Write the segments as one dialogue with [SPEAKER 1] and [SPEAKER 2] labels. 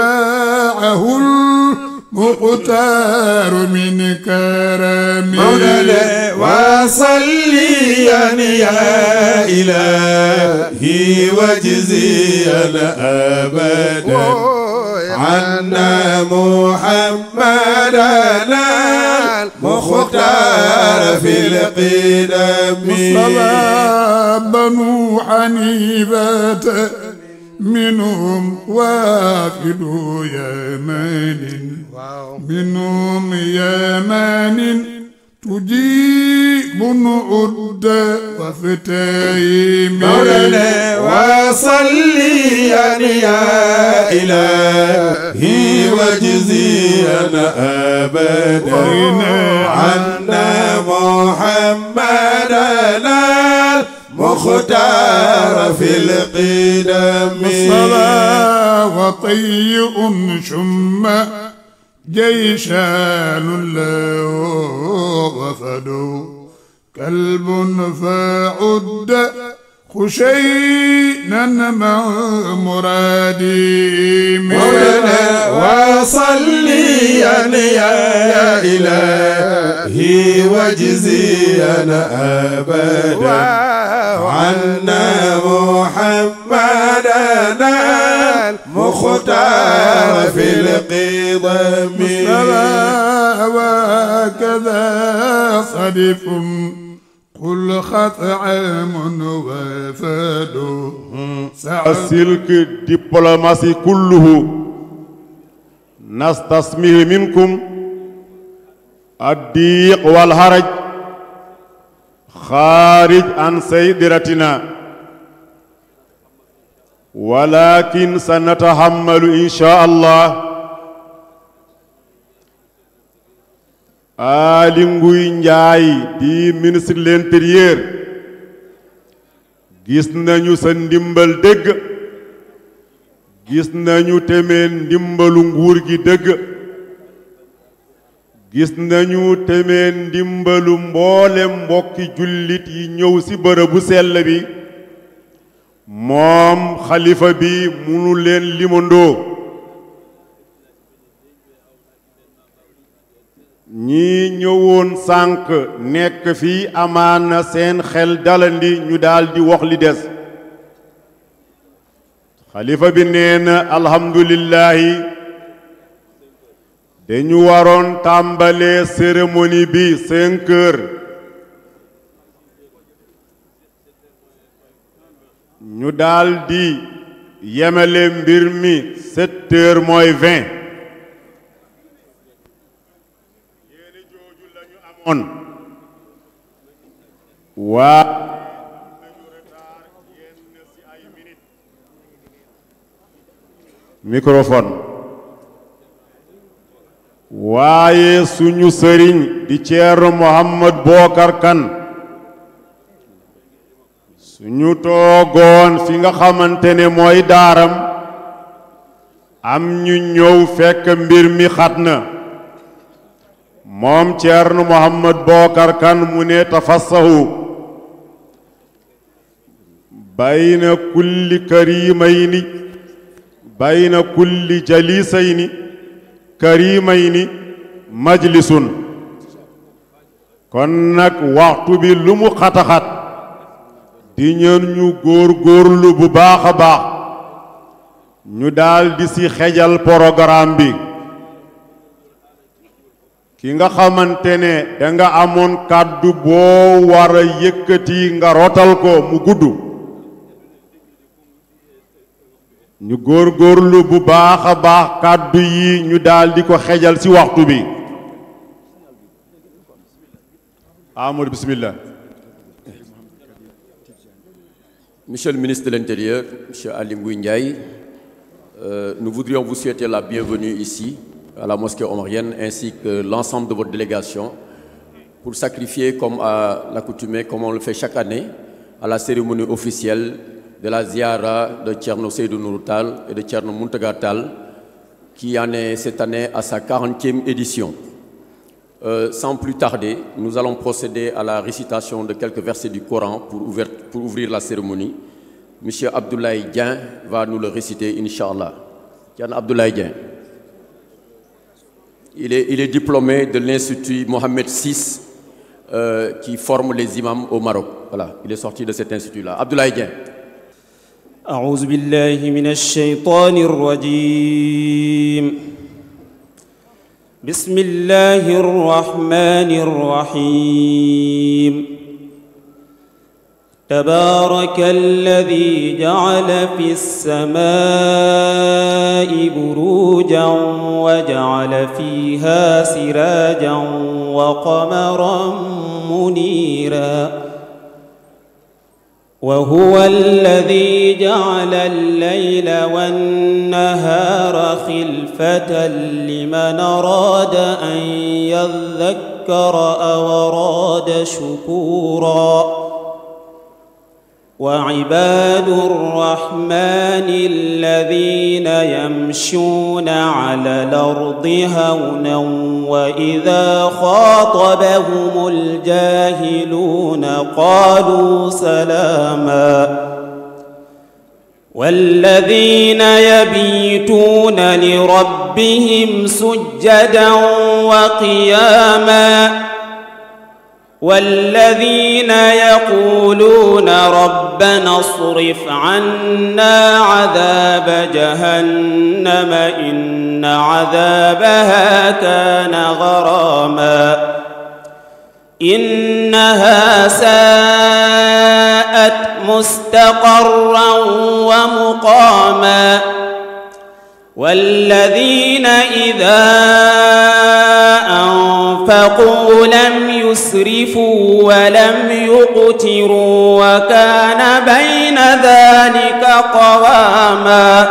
[SPEAKER 1] جاءه المختار من كرم مولانا وصليا يا
[SPEAKER 2] إلهي وجزيا أبدا عنا محمدنا
[SPEAKER 1] المختار في القدم مصطفى بنو حنيفة منهم وافد يمان منهم يمان تجيب نعد وفتايم مولانا وصلي يا
[SPEAKER 2] إلهي وجزينا أبدا عنا محمدنا
[SPEAKER 1] مختار في القدم الصلاة وطيء شم جيشان له وفد كلب فعد خشينا مع مرادي
[SPEAKER 3] مولانا
[SPEAKER 1] وصليا
[SPEAKER 2] يا
[SPEAKER 3] إلهي
[SPEAKER 2] واجزينا أبدا وأن محمدنا المختار
[SPEAKER 1] في القدم وكذا صدف قل خطعم وفد السلك
[SPEAKER 2] الدبلوماسي كله نستسمح منكم الضيق والهرج xaarij an saydiratina walakin sanatahammalu insha allah Aly Ngouille Ndiaye di ministre de l'intérieur gis sa ndimbal dëgg gis nañu temeen ndimbalu nguur gi dëgg gis nañu témeen ndimbalu mboole mbokki jullit yi ñëw ci bërëbu sell bi moom xalifa bi munu leen limondoo ñii ñëwoon sànq nekk fii amaana seen xel dalandi ñu daldi wax li des xalifa bi nee na te ñu waroon tàmbalee cérémonie bi cinq heures ñu daldi yemale mbir mi sept heures mooy vingt yéene jooju waaye suñu sëriñ di Ceerno Muhammad Bookar Kan suñu toogoon fi nga xamante ne mooy daaram am ñu ñëw fekk mbir mi xat na moom Ceerno Muhammad Bookar Kan mu ne tafassahu bayna kulli karimayni bayna kulli jalisayni yi ni majlisun kon nag waxtu bi lu mu xataxat di ñeen ñu góor góorlu bu baax a baax ñu daldi ci xejal programme bi ki nga xamante ne nga amoon kàddu boo war a yëkkati nga rotal ko mu gudd ñu góor-góorlu bu baax baax kàddu yi ñu daal di ko xejal ci waxtu bi
[SPEAKER 4] Amadou bismillah Monsieur le ministre de l'Intérieur, Monsieur Ali Ngouille Ndiaye, euh, nous voudrions vous souhaiter la bienvenue ici à la mosquée omarienne ainsi que l'ensemble de votre délégation pour sacrifier comme à l'accoutumée, comme on le fait chaque année, à la cérémonie officielle de la ziara de Tcherno Seydou Nouroutal et de Tcherno Muntagatal, qui en est cette année à sa 40e édition. Euh, sans plus tarder, nous allons procéder à la récitation de quelques versets du Coran pour, ouvert, pour ouvrir la cérémonie. Monsieur Abdoulaye Dien va nous le réciter, Inch'Allah. Tiens Abdoulaye Dien. Il est, diplômé de l'Institut Mohamed VI euh, qui forme les imams au Maroc. Voilà, il est sorti de cet institut-là. Abdoulaye Dien.
[SPEAKER 1] أعوذ بالله من الشيطان الرجيم بسم الله الرحمن الرحيم تبارك الذي جعل في السماء بروجا وجعل فيها سراجا وقمرا منيراً وهو الذي جعل الليل والنهار خلفة لمن أراد أن يذكر أو أراد شكورا وعباد الرحمن الذين يمشون على الارض هونا واذا خاطبهم الجاهلون قالوا سلاما والذين يبيتون لربهم سجدا وقياما والذين يقولون ربنا اصرف عنا عذاب جهنم إن عذابها كان غراما إنها ساءت مستقرا ومقاما والذين إذا أنفقوا لم يسرفوا ولم يقتروا وكان بين ذلك قواما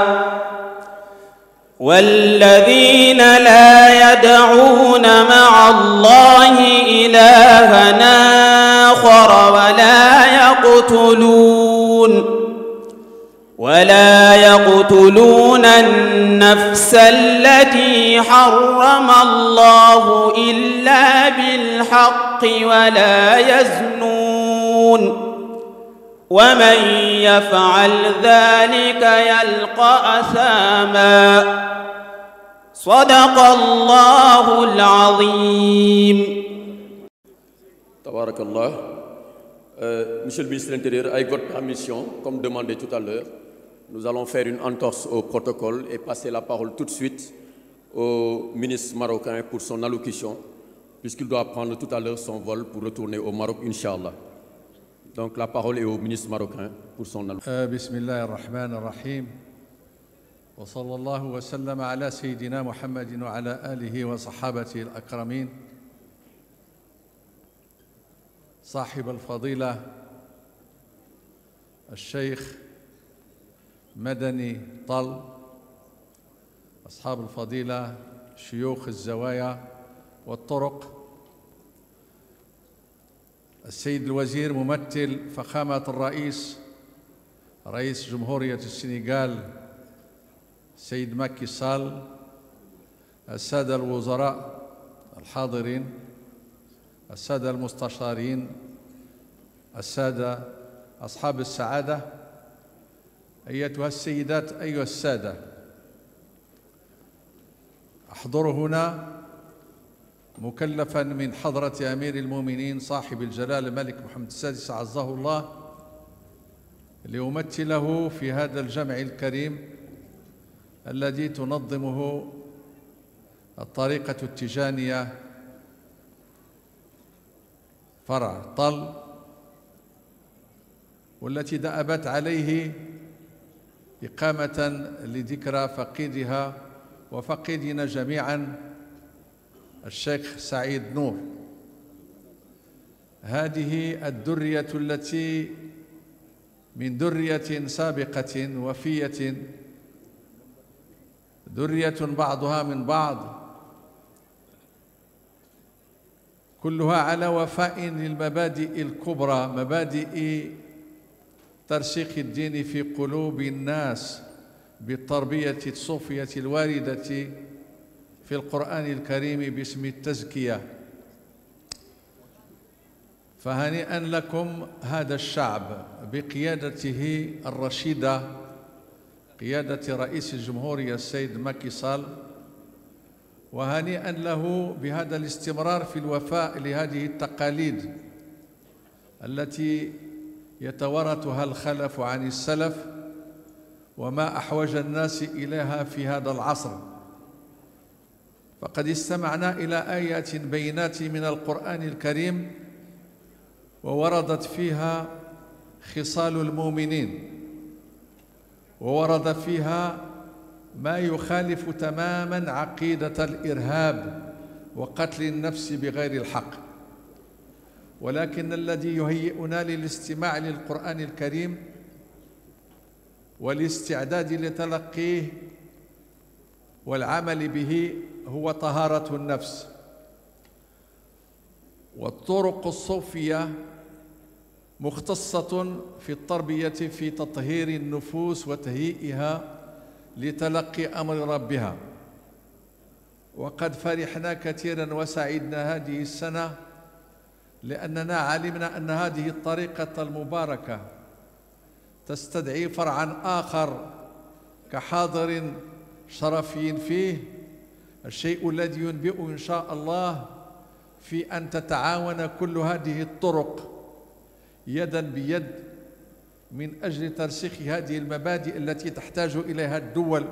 [SPEAKER 1] والذين لا يدعون مع الله إلهنا آخر ولا يقتلون ولا يقتلون النفس التي حرم الله إلا بالحق ولا يزنون ومن يفعل ذلك يلقى أثاما صدق الله العظيم
[SPEAKER 4] تبارك الله Monsieur le ministre de l'Intérieur, avec votre mission, comme demandé tout à l'heure, Nous allons faire une entorse au protocole et passer la parole tout de suite au ministre marocain pour son allocution, puisqu'il doit prendre tout à l'heure son vol pour retourner au Maroc, Inch'Allah. Donc la parole est au ministre marocain pour son
[SPEAKER 5] allocution. Euh, Bismillah ar-Rahman ar-Rahim. Wa sallallahu wa sallam ala Sayyidina Muhammadin wa ala alihi wa sahabati al-akramin. صاحب الفضيلة الشيخ مدني طل أصحاب الفضيلة شيوخ الزوايا والطرق السيد الوزير ممثل فخامة الرئيس رئيس جمهورية السنغال سيد مكي سال السادة الوزراء الحاضرين السادة المستشارين السادة أصحاب السعادة ايتها السيدات ايها الساده احضر هنا مكلفا من حضره امير المؤمنين صاحب الجلاله الملك محمد السادس عزه الله ليمثله في هذا الجمع الكريم الذي تنظمه الطريقه التجانيه فرع طل والتي دأبت عليه إقامة لذكرى فقيدها وفقيدنا جميعا الشيخ سعيد نور هذه الدرية التي من درية سابقة وفية درية بعضها من بعض كلها على وفاء للمبادئ الكبرى مبادئ ترسيخ الدين في قلوب الناس بالتربية الصوفية الواردة في القرآن الكريم باسم التزكية فهنيئا لكم هذا الشعب بقيادته الرشيدة قيادة رئيس الجمهورية السيد ماكي سال وهنيئا له بهذا الاستمرار في الوفاء لهذه التقاليد التي يتورثها الخلف عن السلف وما أحوج الناس إليها في هذا العصر فقد استمعنا إلى آيات بينات من القرآن الكريم ووردت فيها خصال المؤمنين وورد فيها ما يخالف تماما عقيدة الإرهاب وقتل النفس بغير الحق ولكن الذي يهيئنا للاستماع للقرآن الكريم والاستعداد لتلقيه والعمل به هو طهارة النفس والطرق الصوفية مختصة في التربية في تطهير النفوس وتهيئها لتلقي أمر ربها وقد فرحنا كثيرا وسعدنا هذه السنة لأننا علمنا أن هذه الطريقة المباركة تستدعي فرعا آخر كحاضر شرفي فيه الشيء الذي ينبئ إن شاء الله في أن تتعاون كل هذه الطرق يدا بيد من أجل ترسيخ هذه المبادئ التي تحتاج إليها الدول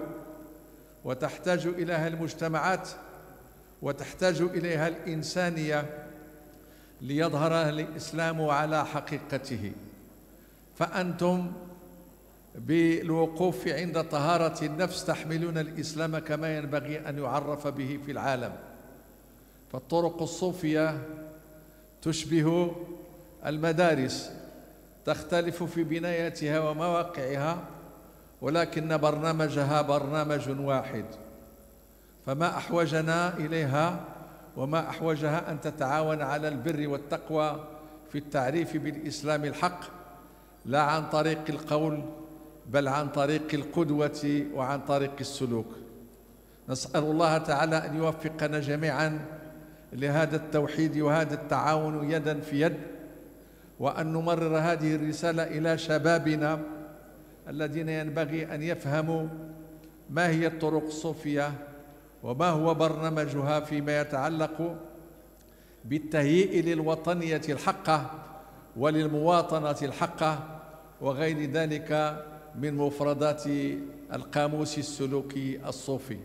[SPEAKER 5] وتحتاج إليها المجتمعات وتحتاج إليها الإنسانية ليظهر الإسلام على حقيقته فأنتم بالوقوف عند طهارة النفس تحملون الإسلام كما ينبغي أن يعرف به في العالم فالطرق الصوفية تشبه المدارس تختلف في بنايتها ومواقعها ولكن برنامجها برنامج واحد فما أحوجنا إليها وما أحوجها أن تتعاون على البر والتقوى في التعريف بالإسلام الحق لا عن طريق القول بل عن طريق القدوة وعن طريق السلوك نسأل الله تعالى أن يوفقنا جميعا لهذا التوحيد وهذا التعاون يدا في يد وأن نمرر هذه الرسالة إلى شبابنا الذين ينبغي أن يفهموا ما هي الطرق الصوفية وما هو برنامجها فيما يتعلق بالتهيئ للوطنية الحقة وللمواطنة الحقة وغير ذلك من مفردات القاموس السلوكي الصوفي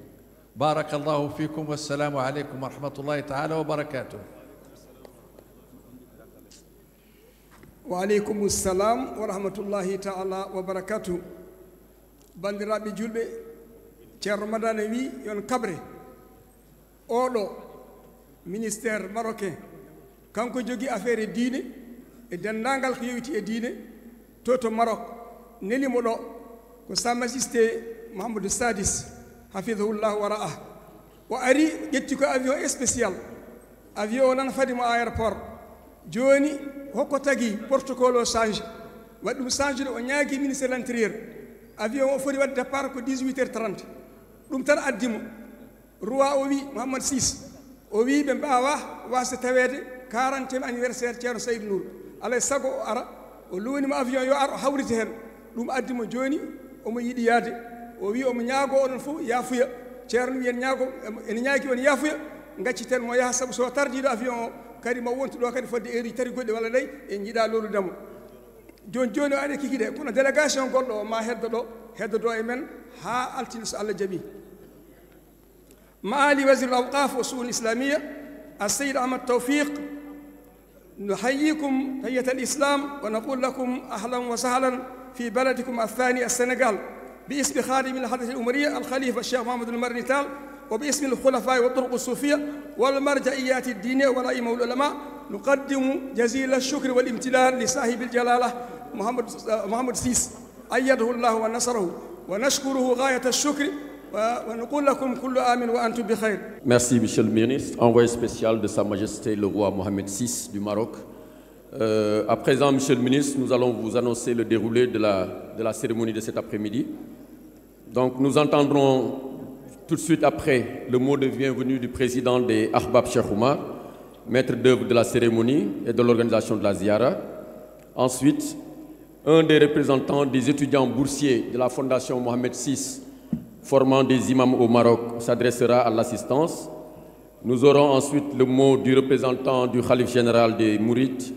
[SPEAKER 5] بارك الله فيكم والسلام عليكم ورحمة الله تعالى وبركاته
[SPEAKER 6] وعليكم السلام ورحمة الله تعالى وبركاته بندرابي جلبي ceerno madane wi yon kaɓre oɗo ministére marocain kanko jogui affaire e diine e dendagal ko yewiti e diine to to marok nelimo ɗo ko sa majesté mahamadou sadis hafidahullahu wa ra'ah o ari ƴetti ko avion spécial avion o nan fadimo aéroport joni hokko tagui protocole o change waɗi ɗum change de o ñaagui ministére l' avion o foti wadde départ ko ɗum tan addimo roi o wi mouhammad sis o wi ɓe mbawa wasde tawede quarantiéme anniversaire ceerno saydou nour alay e saago o ara o lowanima avion yo ar o hawrite hen ɗum addimo o wi omo ñaago oɗon fof mo yaaha o kadi mo wontu o aɗa kikiɗe kono délégation goɗɗo o ma heddo ɗo heddodo e men ha altino so allah jaaɓi معالي وزير الأوقاف والشؤون الإسلامية السيد أحمد توفيق نحييكم تحية الإسلام ونقول لكم أهلا وسهلا في بلدكم الثاني السنغال باسم خادم الحدث الأمرية الخليفة الشيخ محمد المرنتال وباسم الخلفاء والطرق الصوفية والمرجعيات الدينية والأئمة والعلماء نقدم جزيل الشكر والامتنان لصاحب الجلالة محمد محمد سيس أيده الله ونصره ونشكره غاية الشكر
[SPEAKER 4] Merci, Monsieur le ministre. Envoyé spécial de Sa Majesté le roi Mohamed VI du Maroc. Euh, à présent, le ministre, nous allons vous annoncer le déroulé de la, de la cérémonie de cet après-midi. Donc, nous entendrons de suite après le de de la cérémonie et de l'organisation de la Ziara. Ensuite, un des des étudiants de la Fondation Mohamed VI formant des imams au Maroc, s'adressera à l'assistance. Nous aurons ensuite le mot du représentant du Khalif général des Mourites.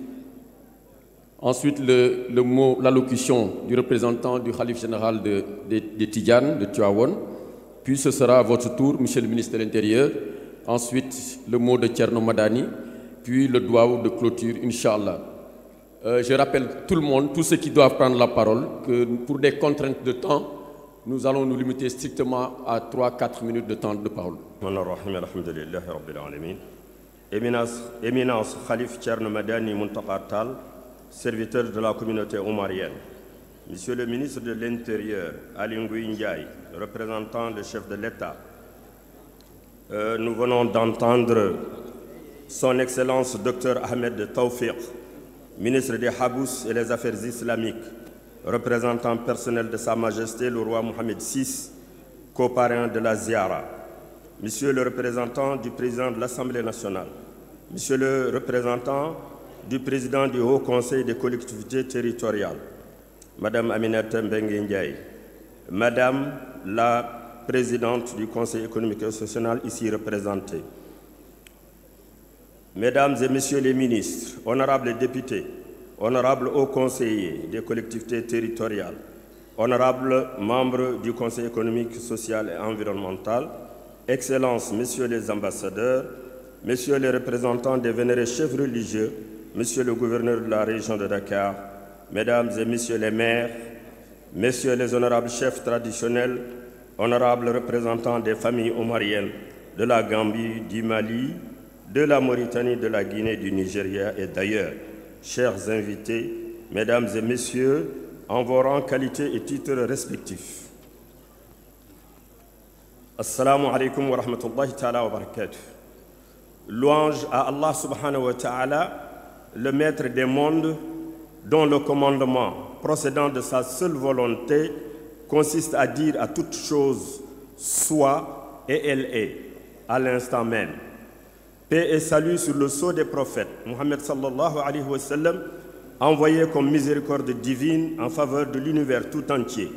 [SPEAKER 4] Ensuite, le, le mot, l'allocution du représentant du Khalif général de, de, de Tidjane, de Tuawon. Puis ce sera à votre tour, monsieur le ministre de l'Intérieur. Ensuite, le mot de Tcherno Madani. Puis le doigt de clôture, Inch'Allah. Euh, je rappelle tout le monde, tous ceux qui doivent prendre la parole, que pour des contraintes de temps, nous allons nous limiter strictement à 3-4 minutes de temps de parole. Éminence, Éminence Khalif Tcherno
[SPEAKER 7] Madani Muntakartal, serviteur de la communauté omarienne. Monsieur le ministre de l'Intérieur, Alingui Ndiaye, représentant le chef de l'État, euh, nous venons d'entendre son Excellence Dr Ahmed Taufiq, ministre des Habous et des Affaires islamiques, représentant personnel de Sa Majesté le roi Mohamed VI, coparrain de la Ziara, Monsieur le représentant du président de l'Assemblée nationale, Monsieur le représentant du président du Haut Conseil des collectivités territoriales, Madame Aminata Mbengue Ndiaye, Madame la présidente du Conseil économique et social ici représentée, Mesdames et Messieurs les ministres, honorables députés, honorables hauts conseillers des collectivités territoriales, honorables membres du Conseil économique, social et environnemental, Excellences, Messieurs les ambassadeurs, Messieurs le représentant des vénérés chefs religieux, Monsieur le gouverneur de la région de Dakar, Mesdames et Messieurs les maires, Messieurs les honorables chefs traditionnels, honorables représentants des familles omariennes de la Gambie, du Mali, de la Mauritanie, de la Guinée, du Nigeria et d'ailleurs. chers invités, mesdames et messieurs, en vos rangs, et titres respectifs. Assalamu alaikum wa ta'ala wa Louange à Allah subhanahu ta'ala, le maître des mondes, dont le commandement, procédant de sa seule volonté, consiste à dire à toute chose soit et elle est, à l'instant même. paix et salut sur le sceau des prophètes, Mohammed sallallahu alayhi wa sallam, envoyé comme miséricorde divine en faveur de l'univers tout entier.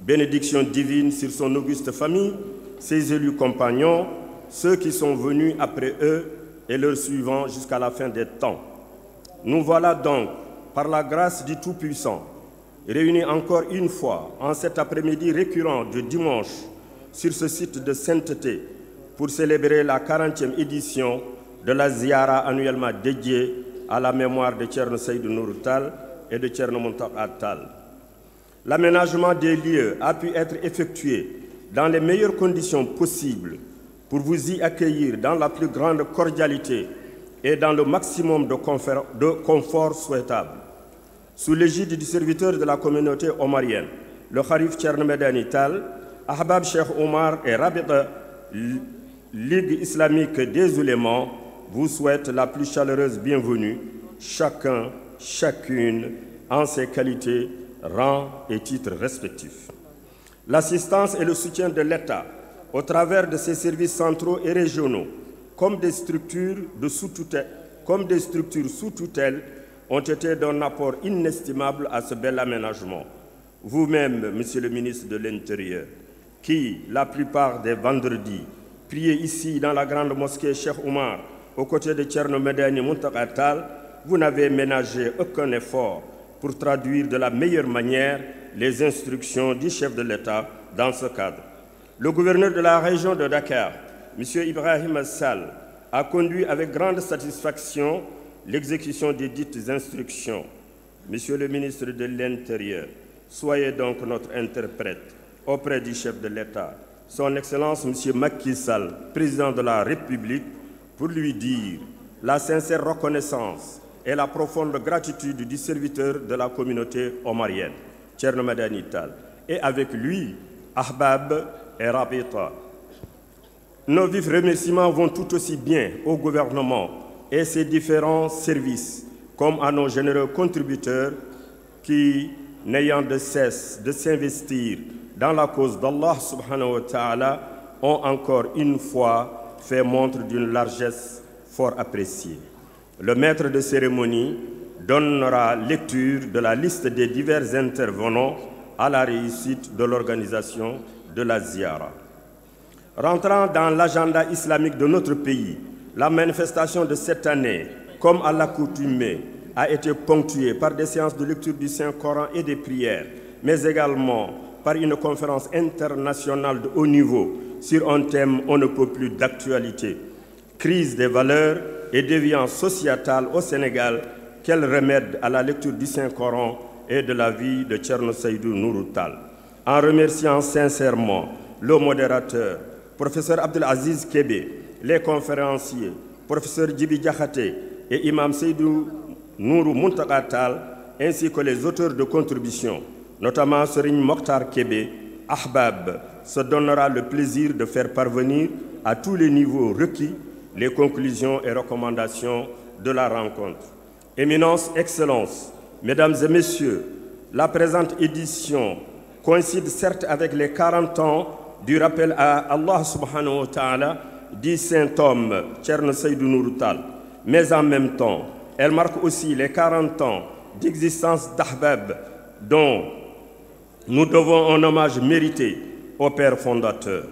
[SPEAKER 7] Bénédiction divine sur son auguste famille, ses élus compagnons, ceux qui sont venus après eux et leurs suivants jusqu'à la fin des temps. Nous voilà donc, par la grâce du Tout-Puissant, réunis encore une fois en cet après-midi récurrent de dimanche sur ce site de sainteté pour célébrer la 40e édition de la ziara annuellement dédiée à la mémoire de Tcherno Seydou Nourou et de Tcherno Mountakha L'aménagement des lieux a pu être effectué dans les meilleures conditions possibles pour vous y accueillir dans la plus grande cordialité et dans le maximum de, de confort souhaitable. Sous l'égide du serviteur de la communauté omarienne, le Kharif Tcherno Medani Tal, Ahbab Cheikh Omar et Rabita Ligue islamique des oulémas vous souhaite la plus chaleureuse bienvenue, chacun, chacune, en ses qualités, rangs et titres respectifs. L'assistance et le soutien de l'État, au travers de ses services centraux et régionaux, comme des structures, de sous -tutelle, comme des structures sous tutelle, ont été d'un apport inestimable à ce bel aménagement. Vous-même, Monsieur le ministre de l'Intérieur, qui, la plupart des vendredis, prier ici dans la grande mosquée Cheikh Oumar aux côtés de Thierno Madani Mountakha vous n'avez ménagé aucun effort pour traduire de la meilleure manière les instructions du chef de l'État dans ce cadre. Le gouverneur de la région de Dakar, M. Ibrahim Sall, a conduit avec grande satisfaction l'exécution des dites instructions. Monsieur le ministre de l'Intérieur, soyez donc notre interprète auprès du chef de l'État son Excellence Monsieur Macky Sall, président de la République, pour lui dire la sincère reconnaissance et la profonde gratitude du serviteur de la communauté omarienne, Thierno Madani Tall, et avec lui, Ahbab et Rabita. Nos vifs remerciements vont tout aussi bien au gouvernement et ses différents services, comme à nos généreux contributeurs qui, n'ayant de cesse de s'investir dans la cause d'Allah subhanahu wa ta'ala ont encore une fois fait montre d'une largesse fort appréciée. Le maître de cérémonie donnera lecture de la liste des divers intervenants à la réussite de l'organisation de la ziara. Rentrant dans l'agenda islamique de notre pays, la manifestation de cette année, comme à l'accoutumée, a été ponctuée par des séances de lecture du Saint-Coran et des prières, mais également par une conférence internationale de haut niveau sur un thème on ne peut plus d'actualité. Crise des valeurs et déviance sociétale au Sénégal, quel remède à la lecture du Saint-Coran et de la vie de Thierno Seydou Nourou Tall. En remerciant sincèrement le modérateur, professeur Abdoul Aziz Kébé, les conférenciers, professeur Djibi jakhate et imam Seydou Nourou Muntaka Tall, ainsi que les auteurs de contribution notamment Serigne Mokhtar Kébé, Ahbab, se donnera le plaisir de faire parvenir à tous les niveaux requis les conclusions et recommandations de la rencontre. Éminence, Excellence, Mesdames et Messieurs, la présente édition coïncide certes avec les 40 ans du rappel à Allah subhanahu wa ta'ala dit saint homme Thierno Seydou Nourou Tall mais en même temps elle marque aussi les 40 ans d'existence d'Ahbab dont Nous devons un hommage mérité au Père fondateur.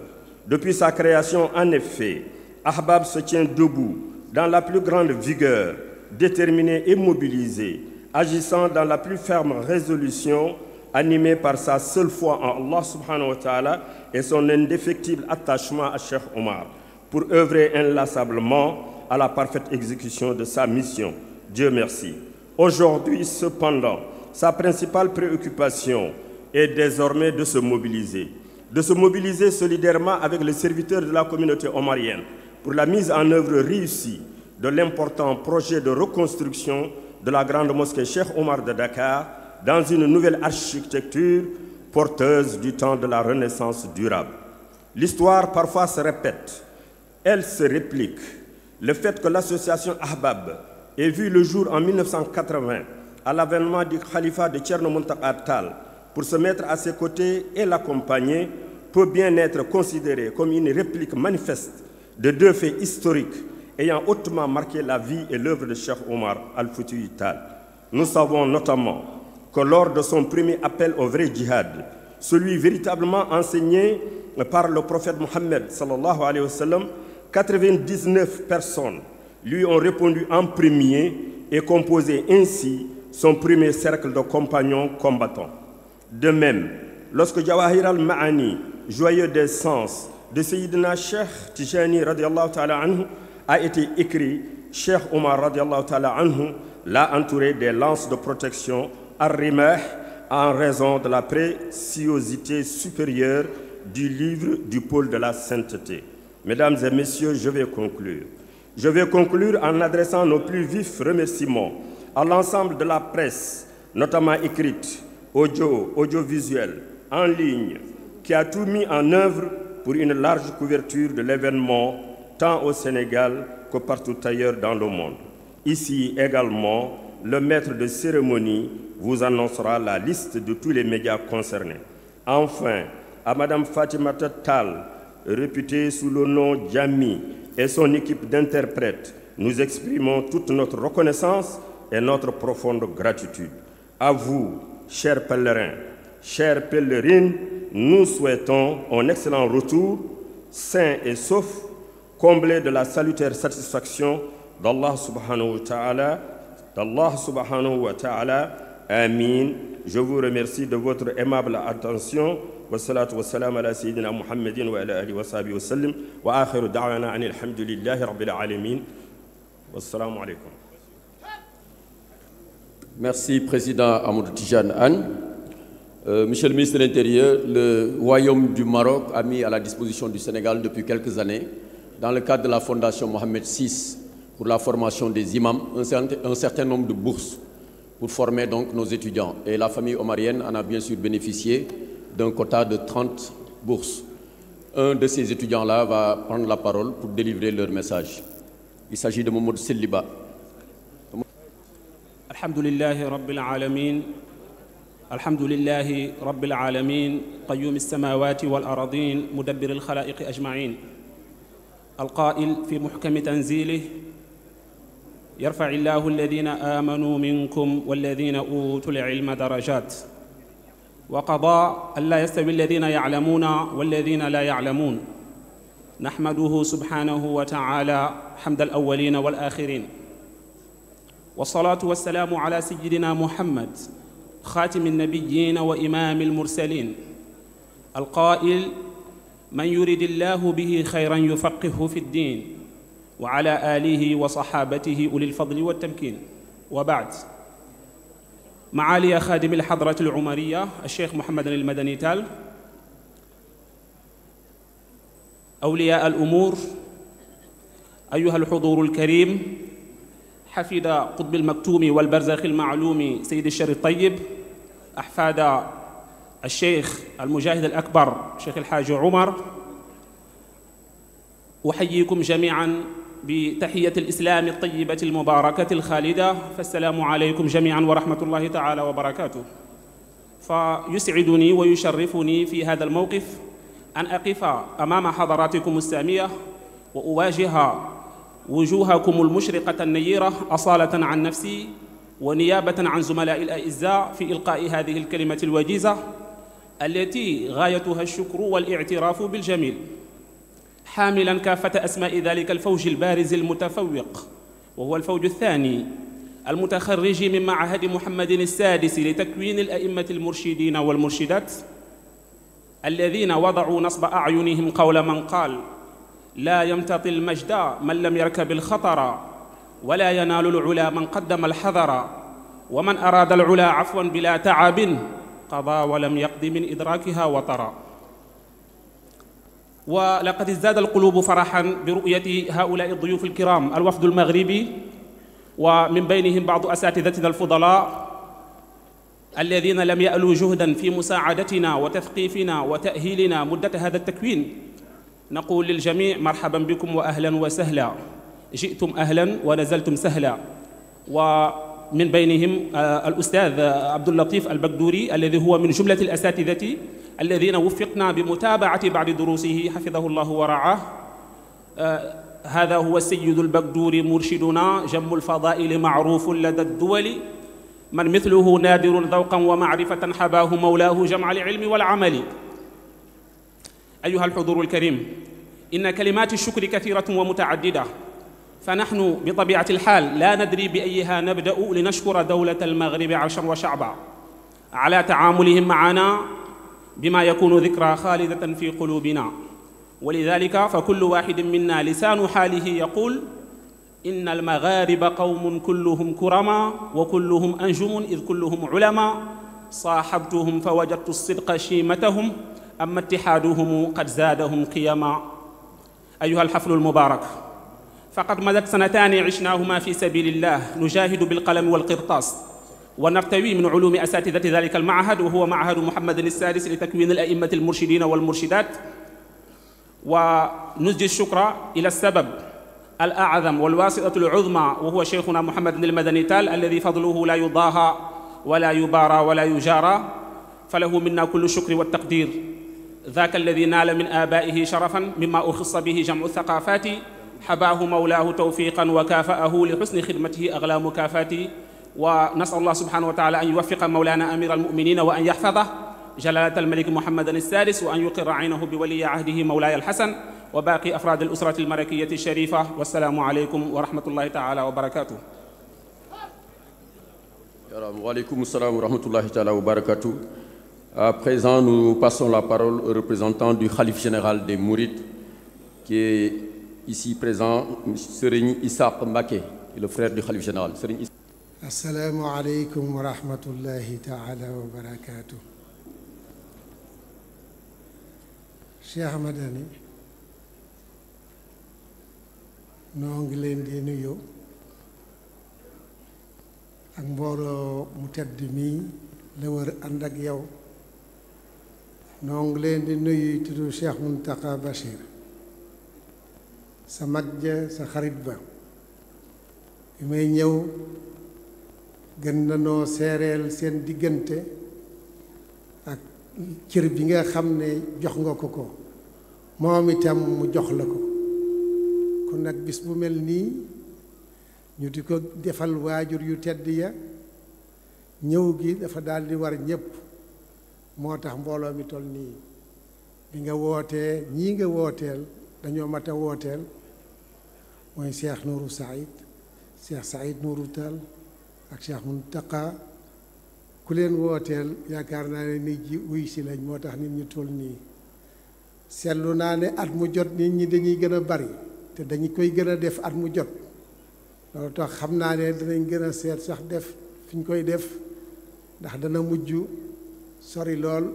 [SPEAKER 7] Depuis sa création, en effet, Ahbab se tient debout dans la plus grande vigueur, déterminé et mobilisé, agissant dans la plus ferme résolution, animé par sa seule foi en Allah subhanahu wa ta'ala et son indéfectible attachement à Cheikh Omar, pour œuvrer inlassablement à la parfaite exécution de sa mission. Dieu merci. Aujourd'hui, cependant, sa principale préoccupation est désormais de se de se mobiliser solidairement avec les serviteurs de la communauté omarienne pour la mise en œuvre réussie de l'important projet de reconstruction de la grande mosquée Cheikh Omar de Dakar dans une nouvelle architecture porteuse du temps de la renaissance durable. L'histoire parfois se répète, elle Le fait que l'association Ahbab ait vu le jour en 1980 à l'avènement du califat de Tcherno Muntaqa Tal pour se mettre à ses côtés et l'accompagner peut bien être considéré comme une réplique de deux faits historiques ayant hautement marqué la vie et l'œuvre de Cheikh Omar Al-Fouti Tal. Nous savons notamment que lors de son premier appel au vrai djihad, celui véritablement enseigné par le prophète Mohammed sallallahu alayhi wa sallam, 99 personnes lui ont répondu en premier et composé ainsi son premier cercle de compagnons combattants. De même, lorsque Jawahir al-Ma'ani, joyeux des sens, de Sayyidina Cheikh Tijani radiallahu ta'ala anhu, a été écrit, Cheikh Omar radiallahu ta'ala l'a entouré des lances de protection arrimah en raison de la préciosité supérieure du livre du pôle de la sainteté. Mesdames et messieurs, je vais conclure. Je vais conclure en adressant nos plus vifs remerciements à l'ensemble de la presse, notamment écrite, audio, audiovisuel, en ligne, qui a tout mis en œuvre pour une large couverture de l'événement, tant au Sénégal que partout ailleurs dans le monde. Ici également, le maître de cérémonie vous annoncera la liste de tous les médias concernés. Enfin, à Madame Fatima Tal, réputée sous le nom Djami, et son équipe d'interprètes, nous exprimons toute notre reconnaissance et notre profonde gratitude. À vous, Chers pèlerins, chères pèlerines, nous souhaitons un excellent retour, sain et sauf, comblé de la salutaire satisfaction d'Allah subhanahu wa ta'ala, d'Allah subhanahu wa ta'ala. Amin. Je vous remercie de votre aimable attention. wasalaatu wasalaam ala sayidina muhammadin wa ala alihi wa sahbihi wa sallim wa axiru daawana an alhamdulillahi rabbil alamin wassalaamu aleykum
[SPEAKER 4] Merci, Président Amadou Tijane Anne. Euh, Monsieur le ministre de l'Intérieur, le Royaume du Maroc a mis à la disposition du Sénégal depuis quelques années, dans le cadre de la Fondation Mohamed VI pour la formation des imams, un certain nombre de bourses pour former donc nos étudiants. Et la famille omarienne en a bien sûr bénéficié d'un quota de trente bourses. Un de ces étudiants-là va prendre la parole pour délivrer leur message. Il s'agit de Momod
[SPEAKER 8] alhamdulilahi rabbil alamin alhamdulilahi rabbil alamin qayum alsamawati wal aradin mudabbir alxalaiqi ajmain alqail fi muxkami tanzilih yarfac illahu alladina amanu minkum walladina utu lilma darajat wa qada an la yastawi alladina yaclamuuna walladina la yaclamuun naxmaduhu subhanahu wa taala xamda alawalina walaxirin wasalaatu wasalaamu ala sayidina muhammad xaatimi nabiyina wa imaami almursalin alqaail man yuridi llahu bihi xayran yufaqihu fi ddin wa ala alihi wa saxaabatihi ulil fadli wattamkin wa baad maaliya xaadimi alxadrati alumariya alcheikh muhammadan almadani taal awliyaa al umuur ayuha alxuduuru alkarim xafida qutb almaktuumi walbarzaxi almaaluumi sayidi chari tayib ahfada alcheikh almujahid alakbar cheikh alxaaji umar uxayikum jamian بتحية الإسلام الطيبة المباركة الخالدة فالسلام عليكم جميعا ورحمة الله تعالى وبركاته فيسعدني ويشرفني في هذا الموقف أن أقف أمام حضراتكم السامية وأواجه wujuhakum almushriqata annayira asalatan an nafsi wa niyabatan an zumalaai alaiza fi ilqaai hadihi alkalimati alwajiza التي غايتها الشكر والاعتراف بالجميل حاملا كافة أسماء ذلك الفوج البارز المتفوق وهو الفوج الثاني المتخرج من معهد محمد السادس لتكوين الأئمة المرشدين والمرشدات الذين وضعوا نصب أعينهم قول من قال laa yamtati almajda man lam yarkab alxatara wala yanaalu alula man qaddama alxadara wa man araada alula afwan bila taabin qada wa lam yaqdi min idrakiha watara wa laqad izdaada alqulubu faraxan bi ru'yati haulaai duyuuf alkiram alwafdu almaghribi wa min baynihim baadu asaatidatina alfudala alladina lam ya'lu juhdan fi musaadatina wa tathqifina wa tahilina muddata hada altakwin نقول للجميع مرحبا بكم واهلا وسهلا جئتم اهلا ونزلتم سهلا ومن بينهم الاستاذ عبد اللطيف البكدوري الذي هو من جمله الاساتذه الذين وفقنا بمتابعه بعض دروسه حفظه الله ورعاه هذا هو السيد البكدوري مرشدنا جم الفضائل معروف لدى الدول من مثله نادر ذوقا ومعرفه حباه مولاه جمع العلم والعمل أيها الحضور الكريم إن كلمات الشكر كثيرة ومتعددة فنحن بطبيعة الحال لا ندري بأيها نبدأ لنشكر دولة المغرب عشر وشعبا على تعاملهم معنا بما يكون ذكرى خالدة في قلوبنا ولذلك فكل واحد منا لسان حاله يقول إن المغارب قوم كلهم كرما وكلهم أنجم إذ كلهم علما صاحبتهم فوجدت الصدق شيمتهم ama itixaaduhumu qad zaadahum qiyama ayuha alxaflu almubaarak faqad madat sanataani icnaahuma fi sabilillah nujaahidu bilqalami walqirtaas ونرتوي من علوم أساتذة ذلك المعهد وهو معهد محمد السادس لتكوين الأئمة المرشدين والمرشدات ونسجي الشكر إلى السبب الأعظم والواسطة العظمى وهو شيخنا محمد المدني تال الذي فضله لا يضاهى ولا يبارى ولا يجارى فله منا كل الشكر والتقدير ذاك الذي نال من آبائه شرفا مما أخص به جمع الثقافات حباه مولاه توفيقا وكافأه لحسن خدمته أغلى مكافاته ونسأل الله سبحانه وتعالى أن يوفق مولانا أمير المؤمنين وأن يحفظه جلالة الملك محمد السادس وأن يقر عينه بولي عهده مولاي الحسن وباقي أفراد الأسرة الملكية الشريفة والسلام عليكم ورحمة الله تعالى وبركاته
[SPEAKER 4] وعليكم السلام ورحمة الله تعالى وبركاته À présent, nous passons la parole au représentant du Khalif général de Mourides, qui est ici présent, Serigne Issa Mbake, le frère du Khalif général. Serigne Issa.
[SPEAKER 3] Assalamu alaikum wa rahmatullahi ta'ala wa barakatuh. Cheikh Ahmadani, noo ngi leen di nuyu ak mbooloo mu tedd mii la wër ànd ak yow. noo ngi leen di nuyu tuddu Cheikh Mountakha Bachir sa mag ja sa xarit ba bi may ñëw gën na noo seereel seen diggante ak cër bi nga xam ne jox nga ko ko moom itam mu jox la ko kon nag bis bu mel nii ñu di ko defal waajur yu tedd ya ñëw gi dafa daldi war ñépp moo tax mbooloo mi toll nii bi nga wootee ñii nga wooteel dañoo mat wooteel mooy Cheikh Nourou Saïd Cheikh Saïd Nourou Tall ak Cheikh Mountakha ku leen wooteel yaakaar naa ne nit ji uy moo tax nit ñi toll nii seetlu naa ne at mu jot nit ñi dañuy gën a bari te dañu koy gën a def at mu jot loolu tax xam naa ne danañ gën a seet sax def fi ñu koy def ndax dana mujj sori lool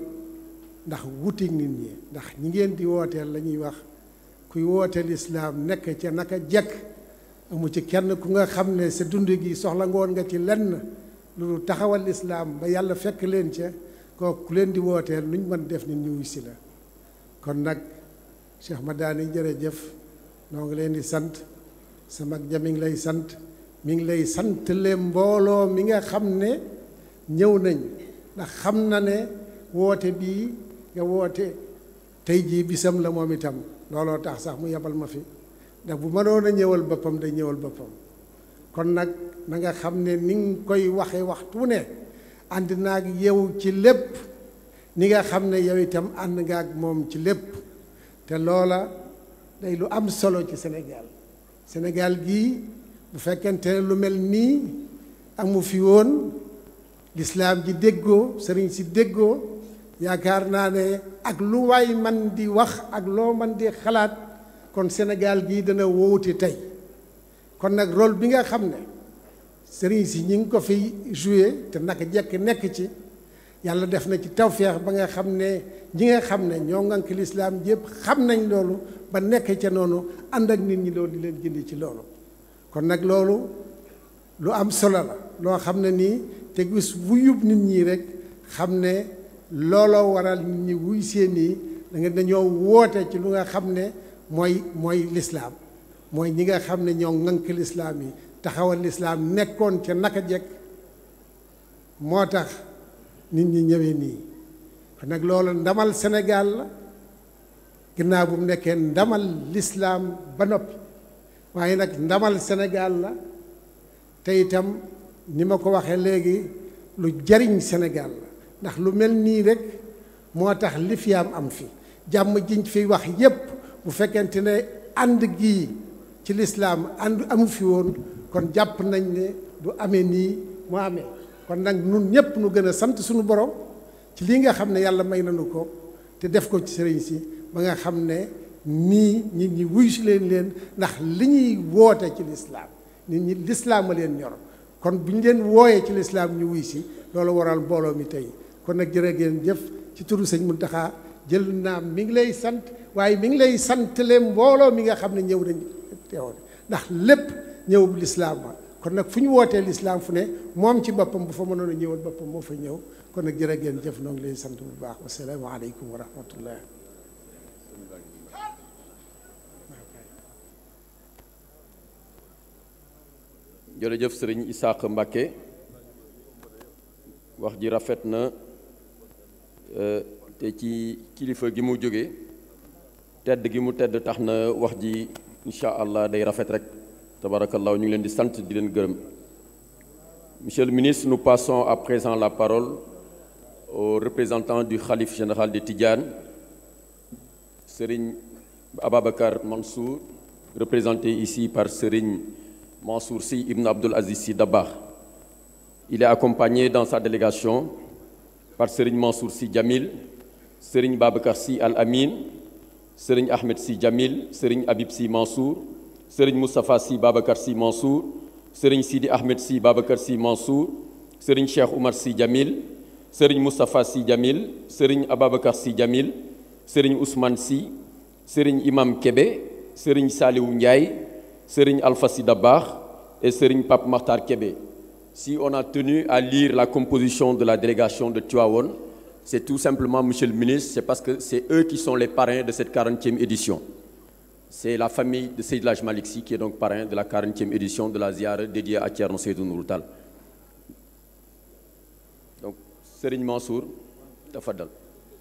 [SPEAKER 3] ndax wutik nit ñi ndax ñi ngeen di wooteel la ñuy wax kuy wooteel islaam nekk ca naka jekk amu ci kenn ku nga xam ne sa dund gi soxla ngoon nga ci lenn lu taxawal islaam ba yàlla fekk leen ca kooku leen di wooteel nuñ mën def nit ñu si la kon nag Cheikh Madani jëf noo ngi leen di sant sama ja mi ngi lay sant mi ngi lay sant leen mbooloo mi nga xam ne ñëw nañ ndax xam na ne woote bii nga woote tey jii bisam la moom itam looloo tax sax mu yebal ma fi ndax bu mënoon a ñëwal boppam day ñëwal boppam kon nag na nga xam ne ni nga koy waxe waxtu ne ànd naag yow ci lépp ni nga xam ne yow itam ànd nga ak moom ci lépp te loola day lu am solo ci Sénégal senegal gii bu fekkente ne lu mel nii amu fi woon lislaam ji déggoo sëriñ si déggoo yaakaar naa ne ak lu waay man di wax ak loo man di xalaat kon Sénégal gii dana wowuti tey kon nag rôle bi nga xam ne sëriñ si ñi ngi ko fi joué te naka jekk nekk ci yàlla def na ci tawféex ba nga xam ne ñi nga xam ne ñoo ngànk lislaam yëpp xam nañ loolu ba nekk ca noonu ànd ak nit ñi loolu di leen gindi ci loolu kon nag loolu lu am solo loo xam ne nii te gis wuyub nit ñi rek xam ne looloo waral nit ñi wuy seen i da nga woote ci lu nga xam ne mooy mooy lislaam mooy ñi nga xam ne ñoo ŋànk lislaam yi taxawal lislaam nekkoon ca naka jekk moo tax nit ñi ñëwee nii kon nag loolu ndamal senegaal la ginnaaw bu mu nekkee ndamal lislaam ba noppi waaye nag ndamal senegaal la te itam ni ma ko waxee léegi lu jariñ Sénégal la ndax lu mel nii rek moo tax li fi am am fi jàmm jiñ fi wax yépp bu fekkente ne ànd gi ci lislaam ànd amu fi woon kon jàpp nañ ne du amee nii mu amee kon nag nun ñëpp nu gën a sant suñu borom ci lii nga xam ne yàlla may nañu ko te def ko ci sëriñ si ba nga xam ne nii nit ñi wuyu si leen leen ndax li ñuy woote ci lislaam nit ñi lislaama leen ñor kon bu ñu leen wooyee ci lislaam ñu wuy si loolu waral mbooloo mi tey kon nag jërë ngeen jëf ci turu sëñ Muntaxa jël naam mi ngi lay sant waaye mi ngi lay sant santale mbooloo mi nga xam ne ñëw nañ teewoon ndax lépp ñëw lislaam ma kon nag fu ñu wootee lislaam fu ne moom ci boppam bu fa mënoon a ñëwal boppam moo fa ñëw kon nag jërë ngeen jëf noo ngi lay sant bu baax wasalaamaaleykum wa rahmatullah
[SPEAKER 4] jërëjëf sëriñ Isaac Mbacke wax ji rafet na euh, te ci kilifa gi mu jóge tedd gi mu tedd tax na wax ji incha allah day rafet rek tabarakallah ñu ngi leen di sant di leen gërëm monsieur le ministre nu passons à présent la parole au représentant du khalife général de Tidiane sëriñ Ababacar Mansour représenté ici par sëriñ Mansour si Ibn Abdul Aziz Sy Dabakh. Il est accompagné dans sa délégation par Serigne Mansour si Djamil, Serigne Babacar Sy Al Amin, Serigne Ahmed si Djamil, Serigne Habib Sy Mansour, Serigne Moustapha Sy Babacar Sy Mansour, Serigne Sidi Ahmed si Babacar Sy Mansour, Serigne Cheikh Oumar si Djamil, Serigne Moustapha si Djamil, Serigne Ababacar Sy Djamil, Serigne Ousmane si Serigne Imam kebe Serigne Saliou Ndiaye Serigne Alfassi Dabar et Serigne Pape Martar Kebe. Si on a tenu à lire la composition de la délégation de Tuaon, c'est tout simplement, Monsieur le ministre, c'est parce que c'est eux qui sont les parrains de cette 40e édition. C'est la famille de Seyd Maliksi qui est donc parrain de la 40e édition de la ziara dédiée à Thierno Seydou Nourou Tall. tafadal.